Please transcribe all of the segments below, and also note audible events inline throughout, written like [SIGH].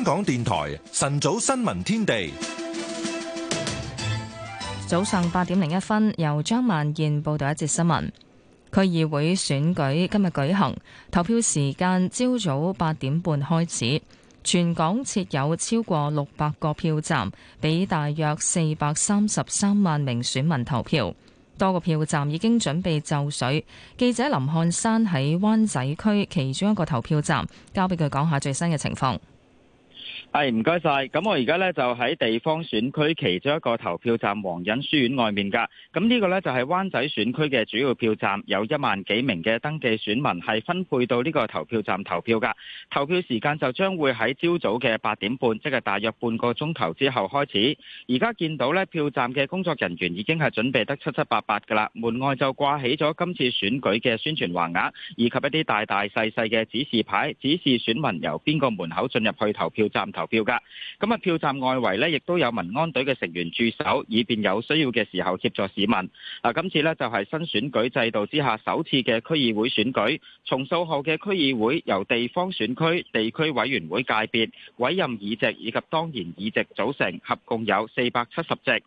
香港電台晨早新聞天地，早上八點零一分，由張萬燕報道一節新聞。區議會選舉今日舉行，投票時間朝早八點半開始。全港設有超過六百個票站，俾大約四百三十三萬名選民投票。多個票站已經準備就緒。記者林漢山喺灣仔區其中一個投票站，交俾佢講下最新嘅情況。係唔該晒，咁我而家呢就喺地方選區其中一個投票站皇仁書院外面噶，咁呢個呢就係、是、灣仔選區嘅主要票站，有一萬幾名嘅登記選民係分配到呢個投票站投票噶。投票時間就將會喺朝早嘅八點半，即係大約半個鐘頭之後開始。而家見到呢票站嘅工作人員已經係準備得七七八八噶啦，門外就掛起咗今次選舉嘅宣傳橫額，以及一啲大大細細嘅指示牌，指示選民由邊個門口進入去投票站投投票噶，咁啊票站外圍咧，亦都有民安隊嘅成員駐守，以便有需要嘅時候協助市民。嗱，今次呢就係新選舉制度之下首次嘅區議會選舉。重塑後嘅區議會由地方選區、地區委員會界別委任議席以及當然議席組成，合共有四百七十席。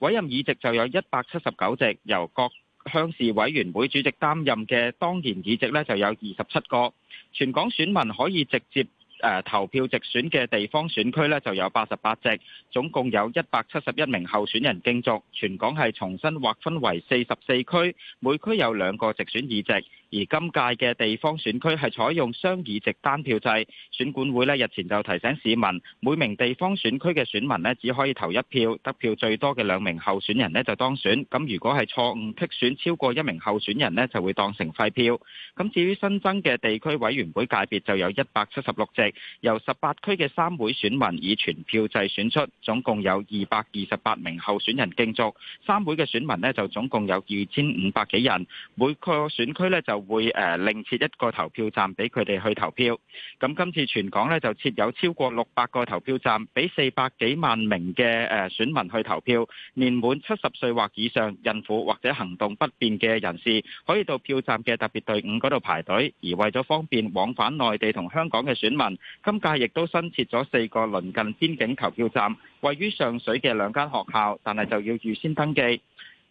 委任議席就有一百七十九席，由各鄉事委員會主席擔任嘅；當然議席呢就有二十七個。全港選民可以直接。誒投票直選嘅地方選區咧，就有八十八席，總共有一百七十一名候選人競逐。全港係重新劃分為四十四區，每區有兩個直選議席。而今屆嘅地方選區係採用雙議席單票制。選管會咧，日前就提醒市民，每名地方選區嘅選民咧，只可以投一票，得票最多嘅兩名候選人咧，就當選。咁如果係錯誤剔選超過一名候選人咧，就會當成廢票。咁至於新增嘅地區委員會界別就有一百七十六席。由十八區嘅三會選民以全票制選出，總共有二百二十八名候選人競逐。三會嘅選民呢，就總共有二千五百幾人，每個選區呢，就會誒另設一個投票站俾佢哋去投票。咁今次全港呢，就設有超過六百個投票站，俾四百幾萬名嘅誒選民去投票。年滿七十歲或以上孕婦或者行動不便嘅人士，可以到票站嘅特別隊伍嗰度排隊。而為咗方便往返內地同香港嘅選民。今屆亦都新設咗四個鄰近邊境投票站，位於上水嘅兩間學校，但係就要預先登記。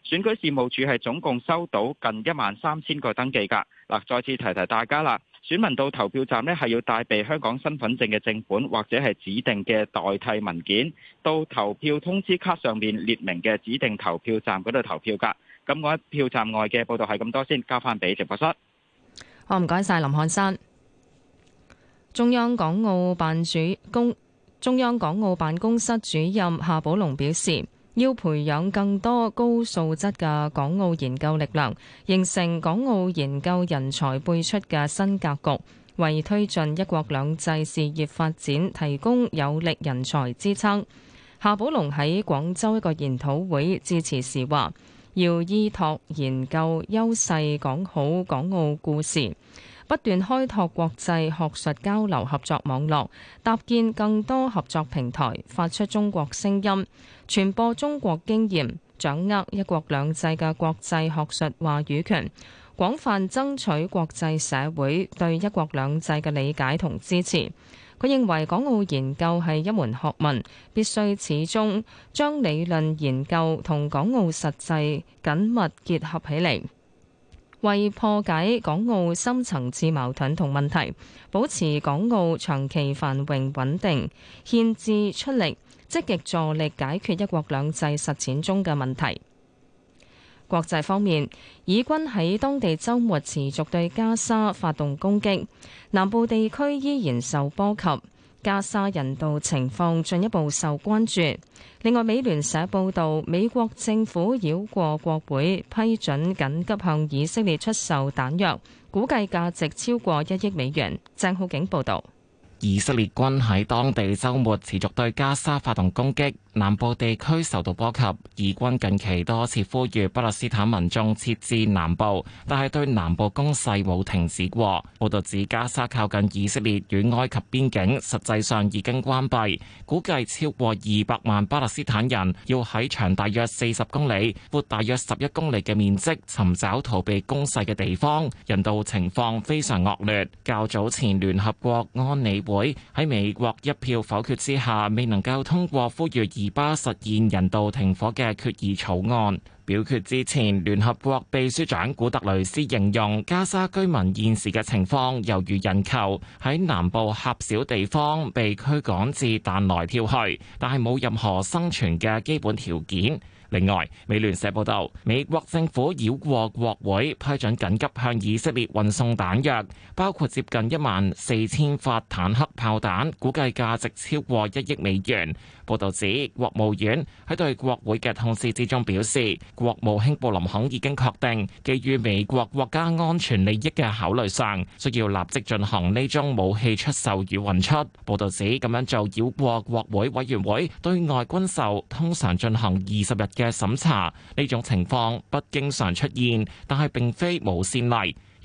選舉事務處係總共收到近一萬三千個登記噶。嗱，再次提提大家啦，選民到投票站呢係要帶備香港身份證嘅正本或者係指定嘅代替文件，到投票通知卡上面列明嘅指定投票站嗰度投票噶。咁我喺票站外嘅報道係咁多先交，交翻，俾直播室。好，唔該晒林漢山。中央港澳辦主公，中央港澳辦公室主任夏寶龍表示，要培養更多高素質嘅港澳研究力量，形成港澳研究人才輩出嘅新格局，為推進一國兩制事業發展提供有力人才支撐。夏寶龍喺廣州一個研討會致辭時話，要依託研究優勢，講好港澳故事，不斷開拓國際學術交流合作網絡，搭建更多合作平台，發出中國聲音，傳播中國經驗，掌握一國兩制嘅國際學術話語權，廣泛爭取國際社會對一國兩制嘅理解同支持。佢認為港澳研究係一門學問，必須始終將理論研究同港澳實際緊密結合起嚟。為破解港澳深層次矛盾同問題，保持港澳長期繁榮穩定，獻智出力，積極助力解決一國兩制實踐中嘅問題。國際方面，以軍喺當地周末持續對加沙發動攻擊，南部地區依然受波及。加沙人道情況進一步受關注。另外，美聯社報道，美國政府繞過國會批准緊急向以色列出售彈藥，估計價值超過一億美元。鄭浩景報道，以色列軍喺當地周末持續對加沙發動攻擊。南部地區受到波及，以軍近期多次呼籲巴勒斯坦民眾撤至南部，但係對南部攻勢冇停止過。報道指加沙靠近以色列與埃及邊境，實際上已經關閉，估計超過二百萬巴勒斯坦人要喺長大約四十公里、闊大約十一公里嘅面積尋找逃避攻勢嘅地方，人道情況非常惡劣。較早前聯合國安理會喺美國一票否決之下，未能夠通過呼籲巴實現人道停火嘅決議草案。表決之前，聯合國秘書長古特雷斯形容加沙居民現時嘅情況猶如人球，喺南部狹小地方被驅趕至彈來跳去，但係冇任何生存嘅基本條件。另外，美聯社報道，美國政府繞過國會批准緊急向以色列運送彈藥，包括接近一萬四千發坦克炮彈，估計價值超過一億美元。報道指，國務院喺對國會嘅控訴之中表示，國務卿布林肯已經確定，基於美國國家安全利益嘅考慮上，需要立即進行呢宗武器出售與運出。報道指，咁樣就繞過國會委員會對外軍售通常進行二十日嘅審查。呢種情況不經常出現，但係並非無先例。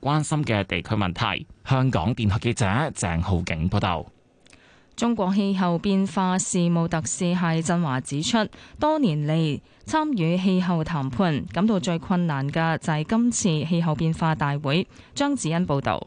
關心嘅地區問題，香港電台記者鄭浩景報道。中國氣候變化事務特使解振華指出，多年嚟參與氣候談判感到最困難嘅就係今次氣候變化大會。張子欣報道。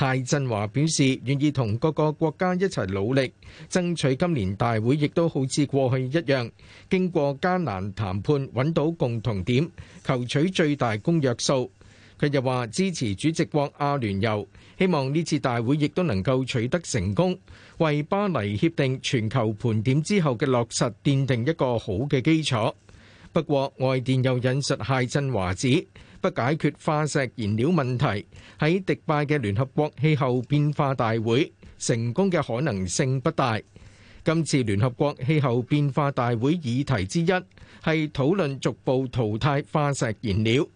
解振華表示願意同各個國家一齊努力，爭取今年大會亦都好似過去一樣，經過艱難談判揾到共同點，求取最大公約數。佢又話支持主席國阿聯酋，希望呢次大會亦都能夠取得成功，為巴黎協定全球盤點之後嘅落實奠定一個好嘅基礎。不過外電又引述解振華指，不解決化石燃料問題，喺迪拜嘅聯合國氣候變化大會成功嘅可能性不大。今次聯合國氣候變化大會議題之一，係討論逐步淘汰化石燃料。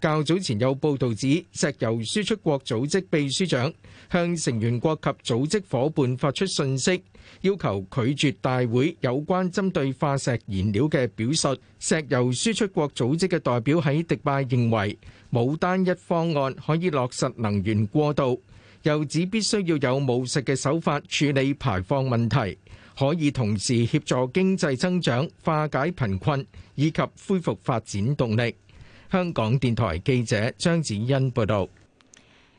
較早前有報道指，石油輸出國組織秘書長向成員國及組織夥伴發出訊息，要求拒絕大會有關針對化石燃料嘅表述。石油輸出國組織嘅代表喺迪拜認為，冇單一方案可以落實能源過渡，又指必須要有務實嘅手法處理排放問題，可以同時協助經濟增長、化解貧困以及恢復發展動力。香港電台記者張子欣報道：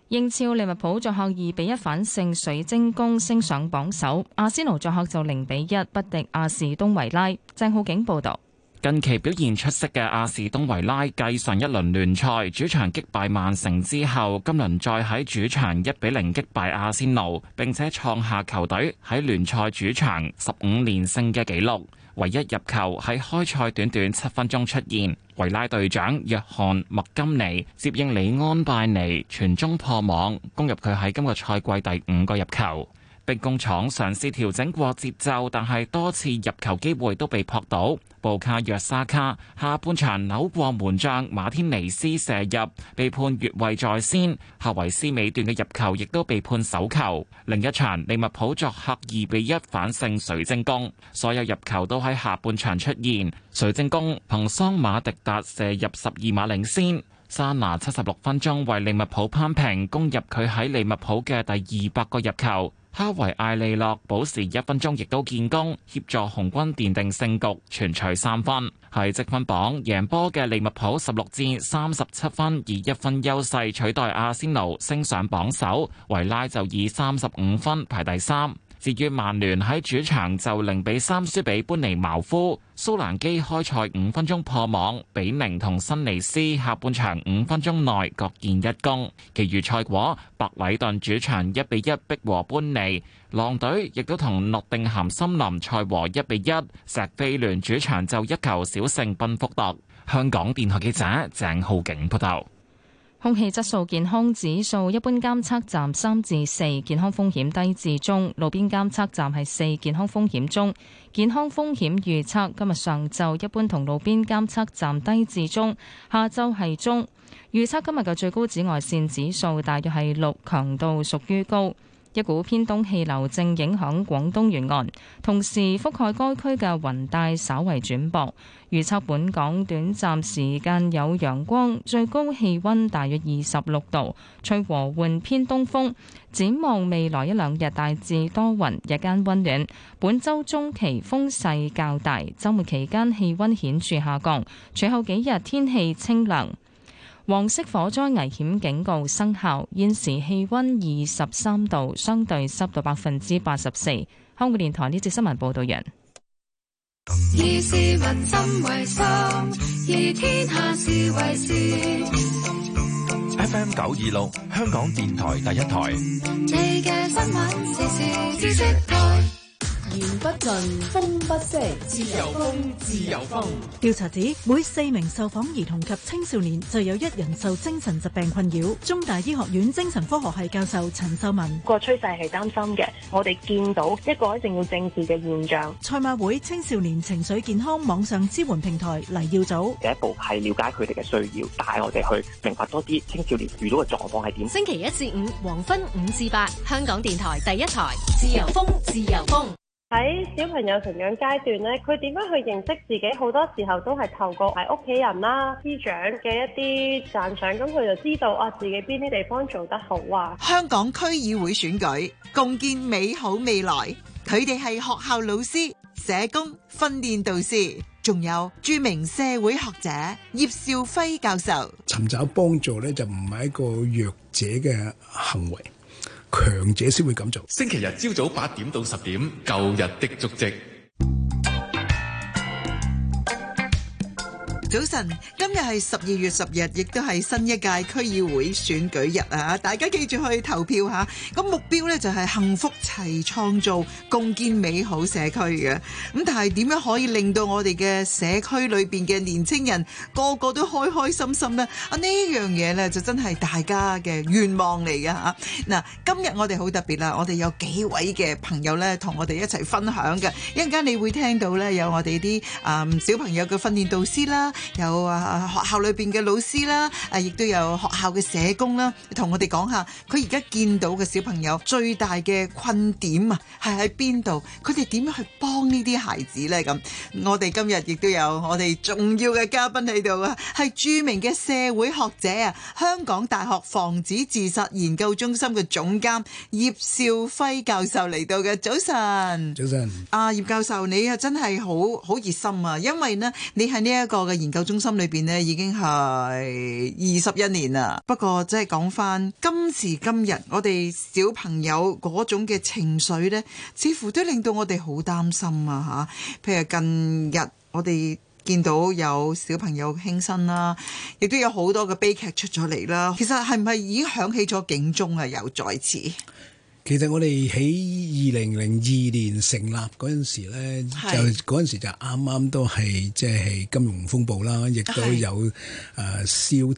英超利物浦作客二比一反勝水晶宮，升上榜首。阿仙奴作客就零比一不敵阿士東維拉。鄭浩景報道。近期表現出色嘅阿士東維拉繼上一輪聯賽主場擊敗曼城之後，今輪再喺主場一比零擊敗阿仙奴，並且創下球隊喺聯賽主場十五連勝嘅紀錄。唯一入球喺開賽短短七分鐘出現，維拉隊長約翰麥金尼接應李安拜尼傳中破網，攻入佢喺今個賽季第五個入球。兵工廠嘗試調整過節奏，但係多次入球機會都被撲倒。布卡約沙卡下半場扭過門將，馬天尼斯射入，被判越位在先。夏維斯尾段嘅入球亦都被判手球。另一場利物浦作客二比一反勝水晶宮，所有入球都喺下半場出現。水晶宮憑桑馬迪達射入十二碼領先，莎拿七十六分鐘為利物浦扳平，攻入佢喺利物浦嘅第二百個入球。哈維艾利諾補時一分鐘，亦都建功協助紅軍奠定勝局，全取三分。喺積分榜，贏波嘅利物浦十六戰，三十七分，以一分優勢取代阿仙奴，升上榜首。維拉就以三十五分排第三。至於曼聯喺主場就零比三輸俾班尼茅夫，蘇蘭基開賽五分鐘破網，比寧同辛尼斯下半場五分鐘內各建一功。其餘賽果，白禮頓主場一比一逼和班尼，狼隊亦都同諾定咸森林賽和一比一，石飛聯主場就一球小勝賓福特。香港電台記者鄭浩景報道。空氣質素健康指數一般監測站三至四，健康風險低至中；路邊監測站係四，健康風險中。健康風險預測今日上晝一般同路邊監測站低至中，下晝係中。預測今日嘅最高紫外線指數大約係六，強度屬於高。一股偏東氣流正影響廣東沿岸，同時覆蓋該區嘅雲帶稍為轉薄。預測本港短暫時間有陽光，最高氣溫大約二十六度，吹和緩偏東風，展望未來一兩日大致多雲，日間溫暖。本周中期風勢較大，周末期間氣溫顯著下降，隨後幾日天氣清涼。黃色火災危險警告生效，現時氣溫二十三度，相對濕度百分之八十四。香港電台呢節新聞報道人。F M 九二六， [MUSIC] [MUSIC] 26, 香港電台第一台。 [MUSIC] 言不盡，風不息，自由風，自由風。調查指每四名受訪兒童及青少年就有一人受精神疾病困擾。中大醫學院精神科學系教授陳秀文，個趨勢係擔心嘅，我哋見到一個一定要正視嘅現象。賽馬會青少年情緒健康網上支援平台黎耀祖，第一步係了解佢哋嘅需要，帶我哋去明白多啲青少年遇到嘅狀況係點。星期一至五黃昏五至八，香港電台第一台，自由風，自由風。喺小朋友成長階段咧，佢點樣去認識自己？好多時候都係透過喺屋企人啦、師長嘅一啲讚賞，咁佢就知道啊自己邊啲地方做得好啊。香港區議會選舉，共建美好未來。佢哋係學校老師、社工、訓練導師，仲有著名社會學者葉兆輝教授。尋找幫助咧，就唔係一個弱者嘅行為。強者先會咁做。星期日朝早八點到十點，舊日的足跡。早晨，今日係十二月十日，亦都係新一屆區議會選舉日啊！大家記住去投票吓，咁目標咧就係幸福齊創造，共建美好社區嘅。咁但係點樣可以令到我哋嘅社區裏邊嘅年青人個個都開開心心呢？啊呢樣嘢咧就真係大家嘅願望嚟嘅吓。嗱，今日我哋好特別啦，我哋有幾位嘅朋友咧同我哋一齊分享嘅。一陣間你會聽到咧有我哋啲啊小朋友嘅訓練導師啦。有啊，學校裏邊嘅老師啦，誒，亦都有學校嘅社工啦，同我哋講下佢而家見到嘅小朋友最大嘅困點啊，係喺邊度？佢哋點樣去幫呢啲孩子咧？咁我哋今日亦都有我哋重要嘅嘉賓喺度啊，係著名嘅社會學者啊，香港大學防止自殺研究中心嘅總監葉兆輝教授嚟到嘅。早晨，早晨。啊，葉教授，你啊真係好好熱心啊，因為咧，你係呢一個嘅。研究中心裏邊咧，已經係二十一年啦。不過，即係講翻今時今日，我哋小朋友嗰種嘅情緒呢，似乎都令到我哋好擔心啊！吓，譬如近日我哋見到有小朋友輕生啦，亦都有好多嘅悲劇出咗嚟啦。其實係唔係已經響起咗警鐘啊？又再次。其實我哋喺二零零二年成立嗰陣時是那時咧，就嗰陣時就啱啱都係即係金融風暴啦，亦都有誒燒。是呃